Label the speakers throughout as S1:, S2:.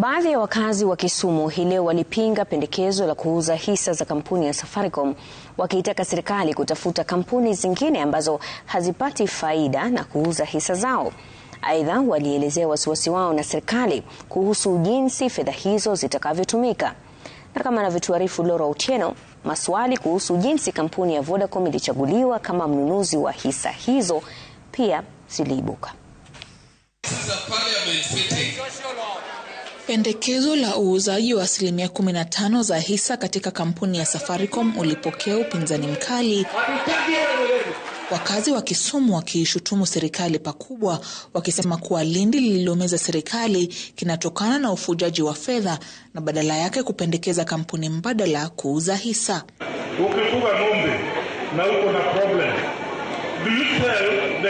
S1: Baadhi ya wakazi wa Kisumu hii leo walipinga pendekezo la kuuza hisa za kampuni ya Safaricom wakiitaka serikali kutafuta kampuni zingine ambazo hazipati faida na kuuza hisa zao. Aidha, walielezea wasiwasi wao na serikali kuhusu jinsi fedha hizo zitakavyotumika. Na kama anavyotuarifu Lora Otieno, maswali kuhusu jinsi kampuni ya Vodacom ilichaguliwa kama mnunuzi wa hisa hizo pia ziliibuka.
S2: Pendekezo la uuzaji wa asilimia 15 za hisa katika kampuni ya Safaricom ulipokea upinzani mkali, wakazi wa Kisumu wakiishutumu serikali pakubwa, wakisema kuwa lindi lililomeza serikali kinatokana na ufujaji wa fedha na badala yake kupendekeza kampuni mbadala kuuza hisa.
S3: Ukifuga ng'ombe na uko na problem, do you tell the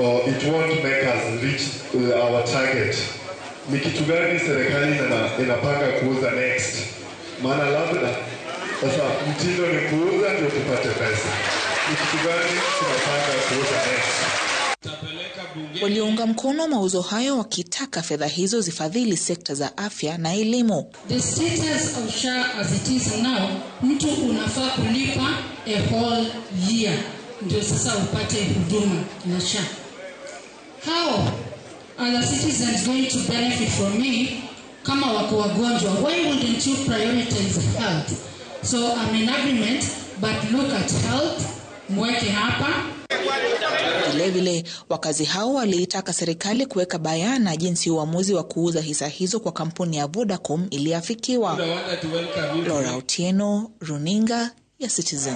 S4: or oh, it won't make us reach uh, our target. Ni kitu gani serikali inapanga kuuza next? Maana labda sasa mtindo ni kuuza ndio tupate pesa. Ni kitu gani tunapanga kuuza next?
S1: Waliunga mkono mauzo hayo wakitaka fedha hizo zifadhili sekta za afya na elimu.
S5: The status of SHA as it is now, mtu unafaa kulipa a whole year ndio sasa upate huduma na SHA are the citizens going to benefit from me kama wako wagonjwa? Why wouldn't you prioritize health? So I'm in agreement, but look at health, mweke hapa
S1: Vilevile, wakazi hao waliitaka serikali kuweka bayana jinsi uamuzi wa kuuza hisa hizo kwa kampuni ya Vodacom iliafikiwa. Laura Otieno, runinga ya Citizen.